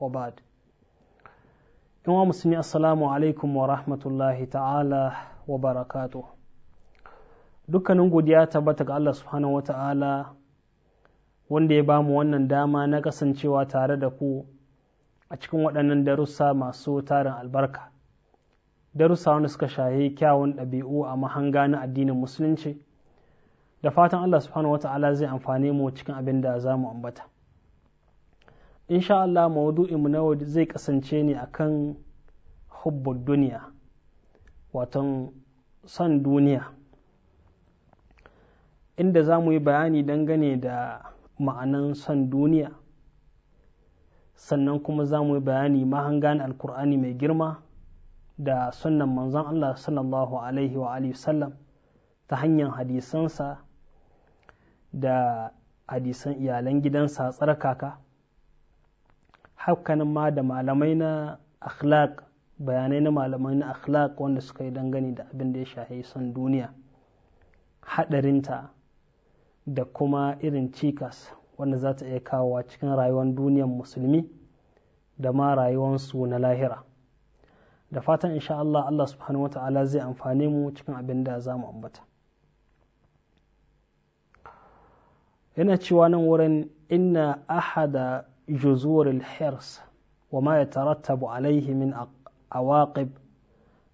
wa in wa musulmi assalamu alaikum wa rahmatullahi ta'ala wa barakatu dukkanin godiya tabbata ga Allah subhanahu wa ta'ala wanda ya bamu wannan dama na kasancewa tare da ku a cikin waɗannan darussa masu tarin albarka darussa wanda suka shaye kyawun ɗabi'u a mahanga na addinin musulunci da fatan Allah subhanahu wa ta'ala zai amfane mu cikin abin da za mu ambata insha Allah maudu'inmu na zai kasance ne kan hubbar duniya waton son duniya inda za mu yi bayani dangane da ma'anan son duniya sannan kuma za mu yi bayani mahangan alkur'ani mai girma da sunan manzon Allah sallallahu alaihi wa sallam ta hanyar hadisansa da hadisan iyalan gidansa tsarkaka hakanan ma da malamai na akhlaq bayanai na malamai na akhlaq wanda suka yi dangane da abin da ya shahi son duniya haɗarinta da kuma irin cikas wanda za ta iya kawowa cikin rayuwar duniyar musulmi da ma rayuwarsu na lahira da fatan insha Allah Allah subhanahu wa ta'ala zai amfane mu cikin abin da za mu ambata yana cewa nan wurin inna ahada جذور الحرص وما يترتب عليه من عواقب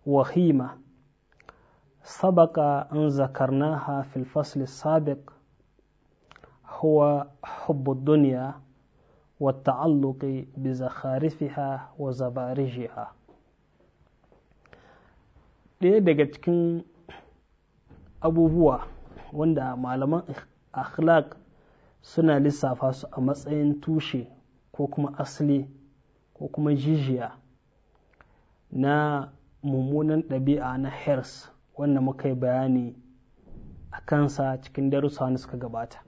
وخيمة سبق أن ذكرناها في الفصل السابق هو حب الدنيا والتعلق بزخارفها وزبارجها ɗaya daga cikin abubuwa wanda malaman akhlaq suna lissafa su a matsayin tushe ko kuma asali ko kuma jijiya na mummunan ɗabi'a na hers wanda muka yi bayani a kansa cikin darussa wanda suka gabata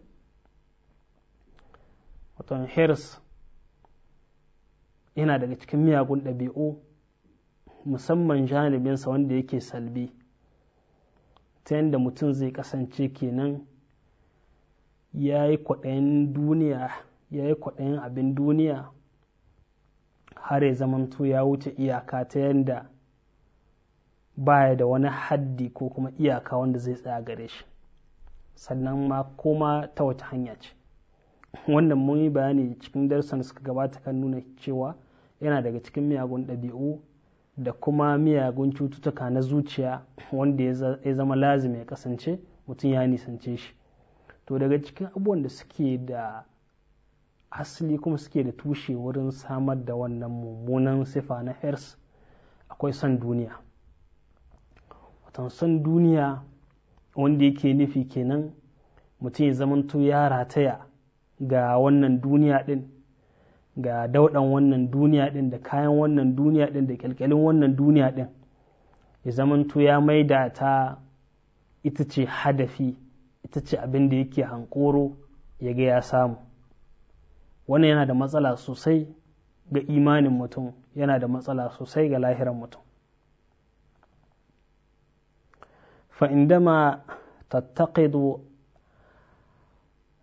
waton hers yana daga cikin miyagun ɗabi'u musamman janibinsa wanda yake salbi ta yadda mutum zai kasance kenan ya yi kwaɗayin duniya ya yi kwaɗayin abin duniya har ya zamanto ya wuce iyaka ta yadda baya da wani haddi ko kuma iyaka wanda zai tsaya gare shi sannan ma koma ta wata hanya ce wannan mun yi bayani cikin darsan suka gabata kan nuna cewa yana daga cikin miyagun ɗabi'u da kuma miyagun cututtuka na zuciya wanda ya zama lazim ya kasance mutum ya nisance shi to daga cikin abubuwan da suke da asali kuma suke da tushe wurin samar da wannan mummunan sifa na hers akwai son duniya watan son duniya wanda yake nufi kenan mutum ya zamanto ya rataya ga wannan duniya din ga daudan wannan duniya din da kayan wannan duniya din da kyalkyalin wannan duniya din ya zamanto ya maida ta ita ce hadafi ita ce abin da yake hankoro ya ga ya samu wannan yana da matsala sosai ga imanin mutum yana da matsala sosai ga lahiran mutum فعندما تتقد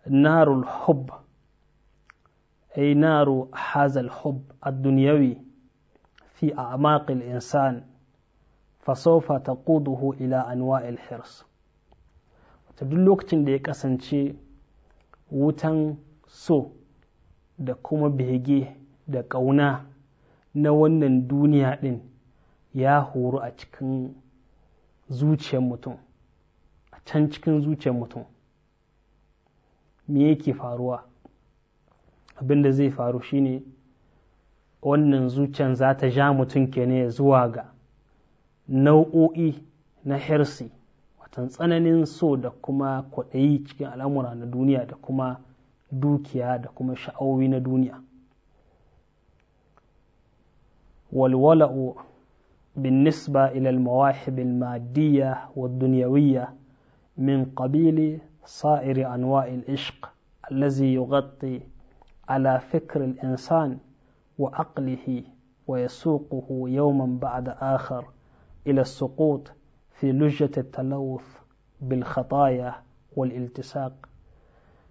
نار الحب أي نار هذا الحب الدنيوي في أعماق الإنسان فسوف تقوده إلى أنواع الحرص تدلوك تندي كسنشي وتن سو da kuma bege da ƙauna na wannan duniya ɗin ya horu a cikin zuciyar mutum a can cikin zuciyar mutum me yake faruwa abin da zai faru shine wannan zuciyar za ta ja mutum ne zuwa ga nau'o'i na hirsi watan tsananin so da kuma kwaɗayi cikin al'amura na duniya da kuma dukiya da kuma sha'awowi na duniya walwala'u بالنسبة إلى المواهب المادية والدنيوية من قبيل صائر أنواع العشق الذي يغطي على فكر الإنسان وعقله ويسوقه يوما بعد آخر إلى السقوط في لجة التلوث بالخطايا والالتصاق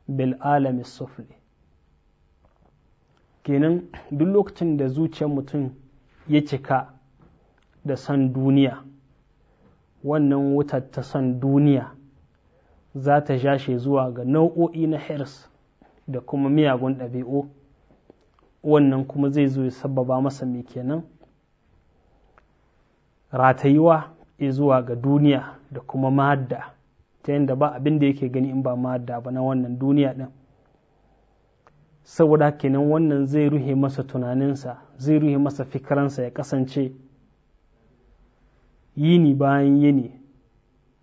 bil alami sufli kenan duk lokacin da zuciyar mutum ya cika da san duniya wannan wutar ta san duniya za ta jashe zuwa ga nau'o'i na hers da kuma miyagun ɗabi'u wannan kuma zai zo ya sababa masa mai kenan ratayuwa zuwa ga duniya da kuma madda ta yadda ba abin da yake gani in ba ma da ba na wannan duniya ɗin saboda kenan wannan zai ruhe masa tunaninsa zai ruhe masa fikiransa ya kasance yini bayan yini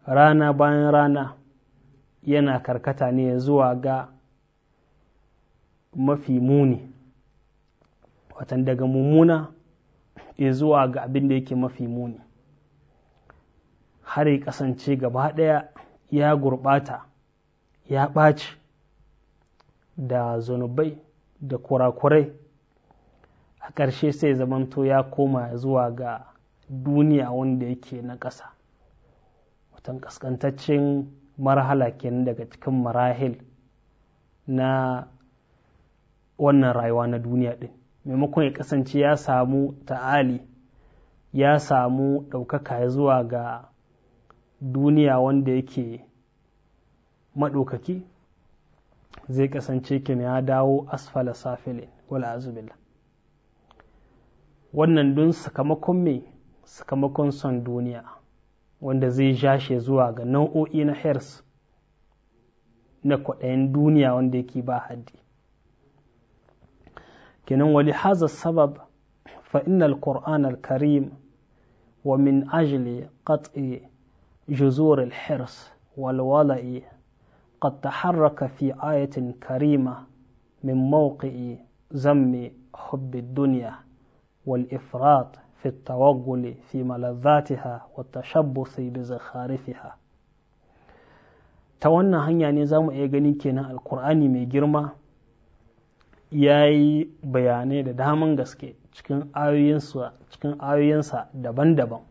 rana bayan rana yana karkata ne zuwa ga mafi muni watan daga mummuna zuwa ga abin da yake mafi muni har ya kasance gaba ɗaya ya gurɓata ya ɓaci da zunubai da kurakurai a ƙarshe sai zamanto ya koma zuwa ga duniya wanda yake na ƙasa watan ƙasƙantaccen marhala kenan daga cikin marahil na wannan rayuwa na duniya ɗin maimakon ya kasance ya samu ta'ali ya samu ɗaukaka zuwa ga duniya wanda yake maɗaukaki zai kasance kin ya dawo asfala safilin wala wannan dun sakamakon mai sakamakon son duniya wanda zai jashe zuwa ga nau'o'i na hers na kwaɗayin duniya wanda yake ba haddi kenan wali haza sabab fa innal al-karim wa min ajiye qat'i جذور الحرص والولع قد تحرك في آية كريمة من موقع ذم حب الدنيا والإفراط في التوغل في ملذاتها والتشبث بزخارفها ta wannan hanya ne za mu iya ganin kenan alkur'ani mai girma ya yi bayanai da daman gaske cikin ayoyinsa daban-daban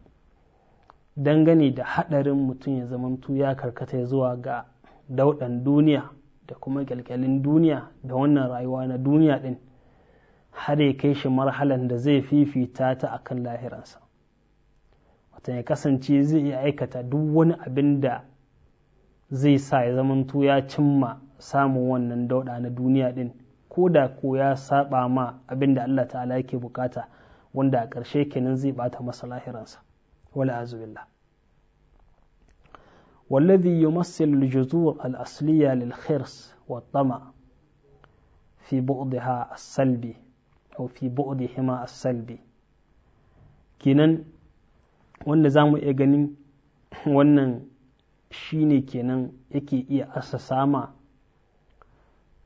dangane da haɗarin mutum ya zamantu ya karkata zuwa ga dauɗan duniya da kuma kyalkyalin duniya da wannan rayuwa na duniya ɗin har ya kai shi marhalar da zai fifita ta a kan lahiransa wata ya kasance zai iya aikata duk wani abin da zai sa ya zamantu ya cimma samun wannan dauɗa na duniya ɗin ko da ko ya saba ma abin da Allah ta'ala yake bukata wanda a ƙarshe kenan zai bata masa lahiransa wala azubillah والذي يمثل الجذور الأصلية للخرس والطمع في بعضها السلبي أو في بعضهما السلبي kenan wanda za mu iya ganin wannan shine kenan yake iya asasa ma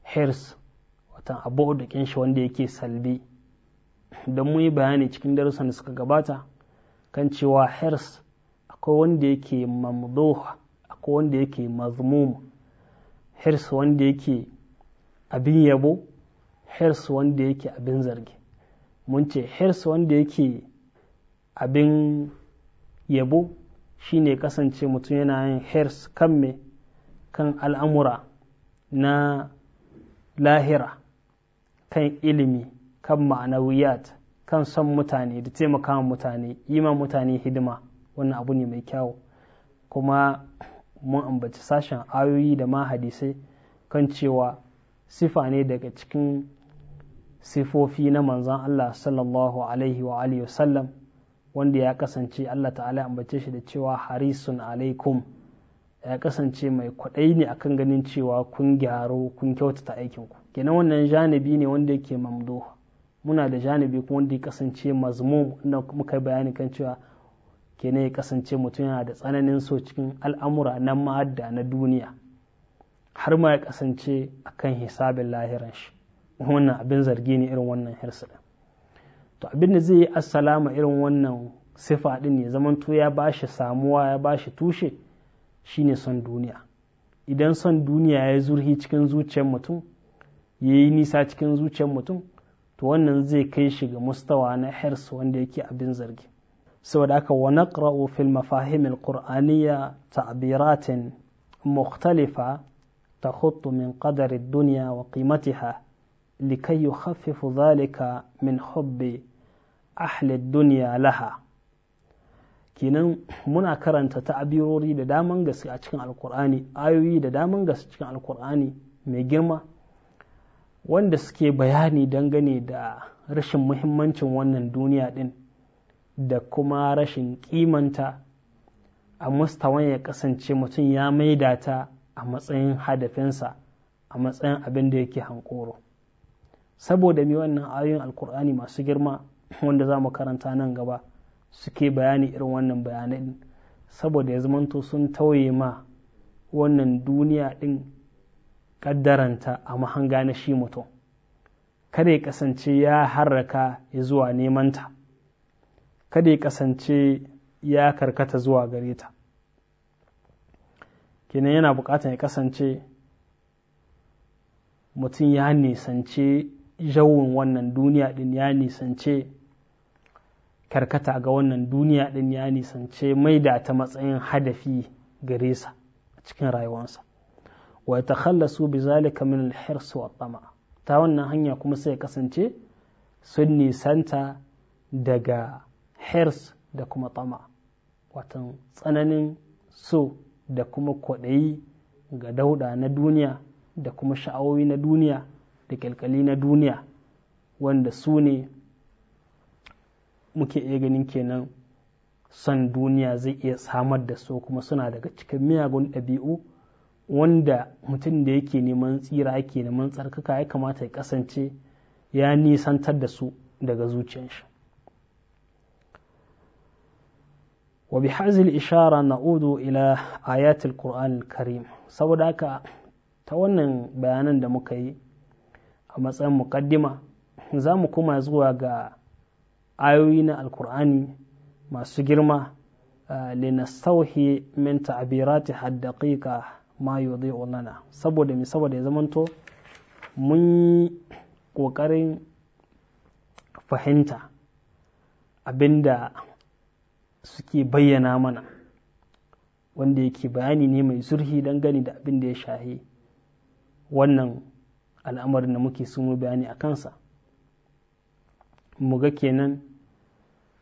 hers watan abu da shi wanda yake salbe don mu yi bayani cikin darussan da suka gabata kan cewa hirs akwai wanda yake mamdoha akwai wanda yake mazmum hirs wanda yake abin yabo hirs wanda yake abin zargi mun ce hirs wanda yake abin yabo shine kasance mutum yana yin hirs kan me kan al'amura na lahira kan ilimi kan ma'anawiyat kan son mutane da taimaka mutane yi ma mutane hidima wannan abu ne mai kyau kuma mun ambaci sashen ayoyi da ma hadisai kan cewa sifa ne daga cikin sifofi na manzan Allah sallallahu alaihi wa alihi wasallam wanda ya kasance Allah ta'ala ya ambace shi da cewa harisun alaikum ya kasance mai kwaɗayi ne akan ganin cewa kun gyaro kun kyautata aikinku kenan wannan janibi ne wanda yake mamdoha muna da janibi kuma wanda ya kasance mazmum inda muka bayani kan cewa kenan ya kasance mutum yana da tsananin so cikin al'amura na ma'adda na duniya har ma ya kasance akan hisabin lahiran shi wannan abin zargi ne irin wannan ɗin to abin da zai yi assalama irin wannan sifa din ne zamanto ya ba shi samuwa ya ba shi tushe shine son duniya idan son duniya ya zurhi cikin zuciyar mutum ya yi nisa cikin zuciyar mutum to wannan zai kai shi ga mustawa na hirs wanda yake abin zargi saboda haka wa naqra'u fil mafahim al-qur'aniyya ta'biratin mukhtalifa takhuttu min qadari ad-dunya wa qimatiha likay yukhaffifu dhalika min hubbi ahli ad-dunya laha kenan muna karanta ta'abirori da daman gaske a cikin alkur'ani ayoyi da daman gaske cikin alkur'ani mai girma wanda suke bayani dangane da rashin muhimmancin wannan duniya din da kuma rashin kimanta a mustawan ya kasance mutum ya maida ta a matsayin hadafinsa a matsayin abin da yake hankoro saboda mi wannan ayoyin alkur'ani masu girma wanda za mu karanta nan gaba suke bayani irin wannan bayanai saboda ya zamanto sun tauye ma wannan duniya din. kaddaranta a mahanga na shi mutum kada ya kasance ya harraka ya zuwa nemanta kada ya kasance ya karkata zuwa gare ta kenan yana bukatar ya kasance mutum ya nisance jawun wannan duniya din ya nisance karkata ga wannan duniya din ya nisance mai da ta matsayin hadafi gare sa a cikin rayuwarsa wa bi zalika min al-hirs wa tama ta wannan hanya kuma sai kasance sun nisanta daga hirs da kuma tama watan tsananin so da kuma kwaɗayi ga dauda na duniya da kuma sha'awowi na duniya da kyalkyali na duniya wanda su ne muke iya ganin kenan son duniya zai iya samar da su kuma suna daga cikin miyagun ɗabi'u wanda mutum da yake neman tsira yake neman tsarkaka ya kamata ya kasance ya nisantar da su daga zuciyarsa. wa bi hazil ishara na'udu ila ayatul qur'an karim saboda haka ta wannan bayanan da muka yi a matsayin muqaddima za mu kuma zuwa ga ayoyi na alkur'ani masu girma eh, linastauhi min ta'birati haddaqiqa ma zai lana saboda mi saboda ya zamanto mun yi ƙoƙarin fahimta abinda suke bayyana mana wanda yake bayani ne mai zurhi gani da abin da ya shahi wannan al'amarin da muke mu bayani a kansa muga kenan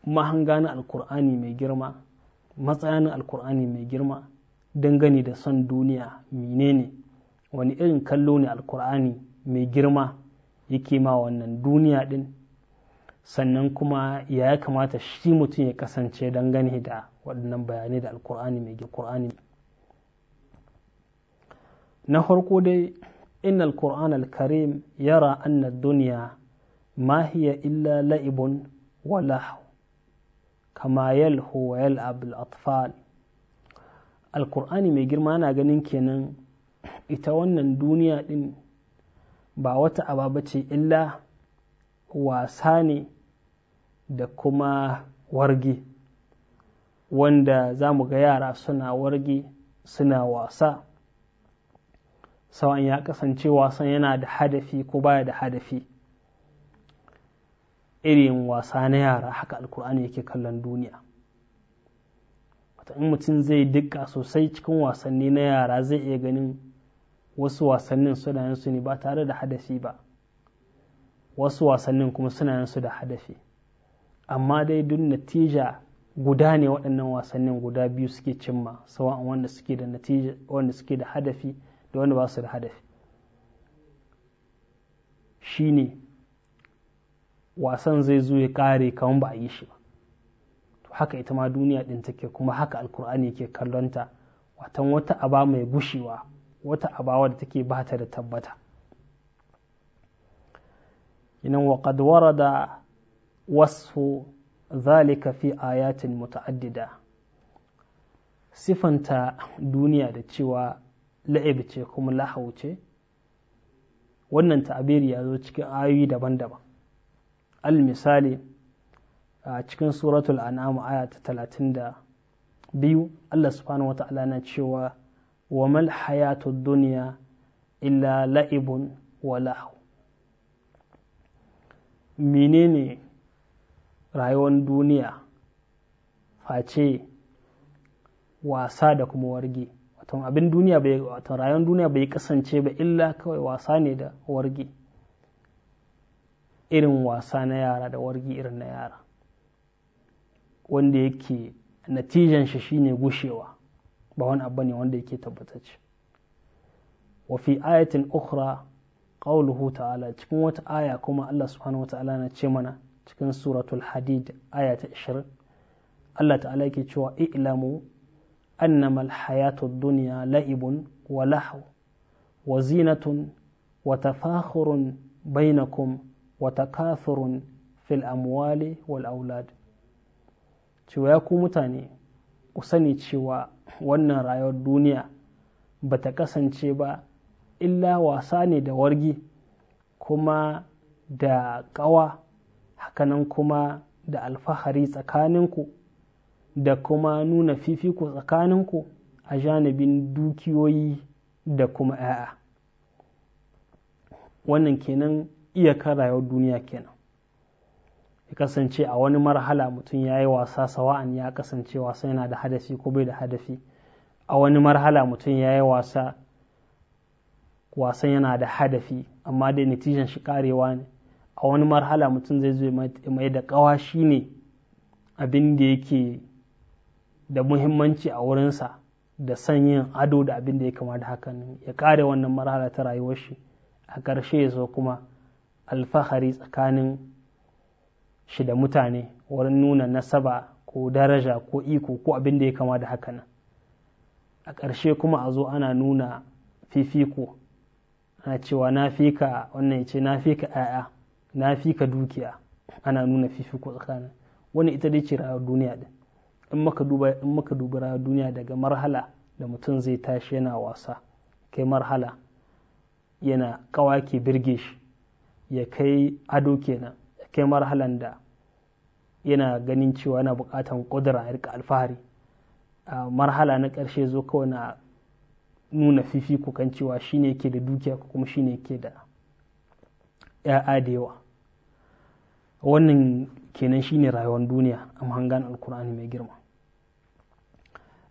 mahangana na alkur'ani mai girma matsayin alkur'ani mai girma dangane da son duniya menene wani irin kallo ne alkur'ani mai girma yake ma wannan duniya din sannan kuma ya kamata shi mutum ya kasance dangane da waɗannan bayanai da alkur'ani mai girma na farko dai إن yara الكريم duniya أن الدنيا ما هي إلا لعب ولهو كما يلهو ويلعب alkur'ani mai girma na ganin kenan ita wannan duniya din ba wata aba ce illa wasa ne da kuma warge wanda za mu ga yara suna warge suna wasa sawan ya kasance wasan yana da hadafi ko baya da hadafi irin wasa na yara haka alkur'ani yake kallon duniya ta in mutum zai dukka sosai cikin wasanni na yara zai iya ganin wasu wasannin sunayensu ne ba tare da hadafi ba wasu wasannin kuma suna da hadafi amma dai duk natija guda ne waɗannan wasannin guda biyu suke cimma sawa'an wanda suke da natija wanda suke da hadafi da wanda ba su da hadafi shine wasan zai zo ya kare kamar ba a yi shi ba haka ita ma duniya ɗin take kuma haka alkur'ani ke kallonta watan wata aba mai bushewa wata aba wadda take ba ta da tabbata inan wa qad warada wasfu zalika fi ayatin muta'addida sifanta duniya da cewa la'ib ce kuma lahau ce wannan ta'abiri ya zo cikin ayoyi daban-daban al misali a cikin suratul an'am aya ta talatin da biyu Allah subhanahu wa ta'ala na cewa wa mal hayatud duniya illa la'ibun wa lahu menene rayuwar duniya face wasa da kuma warge wato abin duniya bai wato rayuwar duniya bai kasance ba illa kawai wasa ne da warge irin wasa na yara da wargi irin na yara wanda yake natijan shi shine gushewa ba wani abu ne wanda yake tabbatacce wa fi ayatin ukhra qawluhu ta'ala cikin wata aya kuma Allah subhanahu wa na ce mana cikin suratul hadid aya ta 20 Allah ta'ala yake cewa i'lamu annama al-hayatu dunya la'ibun wa lahu wa zinatun wa tafakhurun bainakum wa takathurun fil amwali wal aulad cewa ya ku mutane ku sani cewa wannan rayuwar duniya ba ta kasance ba illa wasa ne da wargi kuma da ƙawa hakanan kuma da alfahari tsakaninku da kuma nuna fifiko tsakaninku a janibin dukiyoyi da kuma 'ya'ya wannan kenan iyakar rayuwar duniya kenan ya kasance a wani marhala mutum ya yi wasa sawa'an ya kasance wasa yana da hadafi ko bai da hadafi a wani marhala mutum ya yi wasa wasan yana da hadafi amma dai natijan shi karewa ne a wani marhala mutum zai zo mai da kawa shi ne abin da yake da muhimmanci a wurinsa da son yin ado da abin da ya kama da hakan ya kare wannan marhala ta rayuwar shi a ƙarshe ya zo kuma alfahari tsakanin shi da mutane wurin nuna nasaba ko daraja ko iko ko abin da ya kama da haka nan a ƙarshe kuma a zo ana nuna fifiko ana cewa na fi wannan ce na fi ka ‘ya'ya na fi ka dukiya ana nuna fifiko tsakanin wani ita dai ce rayuwar duniya din in maka duba in maka duba rayuwar duniya daga marhala da mutum zai tashi yana wasa kai marhala yana kawa ke birge shi ya kai ado kenan cikin marhalan da yana ganin cewa yana bukatan kudura a rika alfahari a marhala na ƙarshe zo kawai na nuna fifiko kan cewa ne ke da dukiya ko kuma shine ke da ya'ya da yawa wannan kenan shi ne rayuwar duniya a mahangan alkur'ani mai girma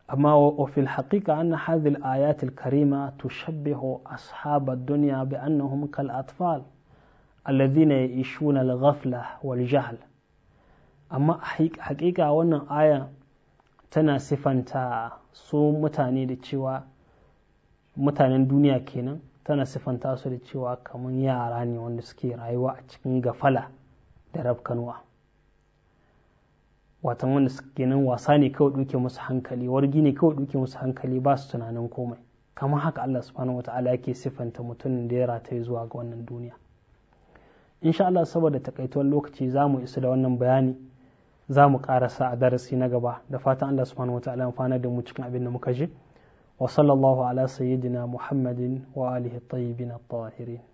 amma wa haƙiƙa ana hazil ayatul karima tushabbihu ashab duniya bai bi annahum kal atfal alladhina ya'ishuna al-ghafla wal jahl amma hakika wannan aya tana sifanta su mutane da cewa mutanen duniya kenan tana sifanta su da cewa kamar yara ne wanda suke rayuwa a cikin gafala da rafkanuwa watan wanda suke nan wasa ne kawai duke musu hankali wargi ne kawai duke musu hankali ba su tunanin komai kamar haka Allah subhanahu wata'ala yake sifanta mutumin da ya rataye zuwa ga wannan duniya insha Allah saboda takaituwar lokaci za mu isa da wannan bayani za mu karasa a darasi na gaba da fatan Allah subhanahu wataala ya fana da mu cikin abin da muka ji wa sallallahu ala sayyidina muhammadin wa alihi tayyibin at-tahirin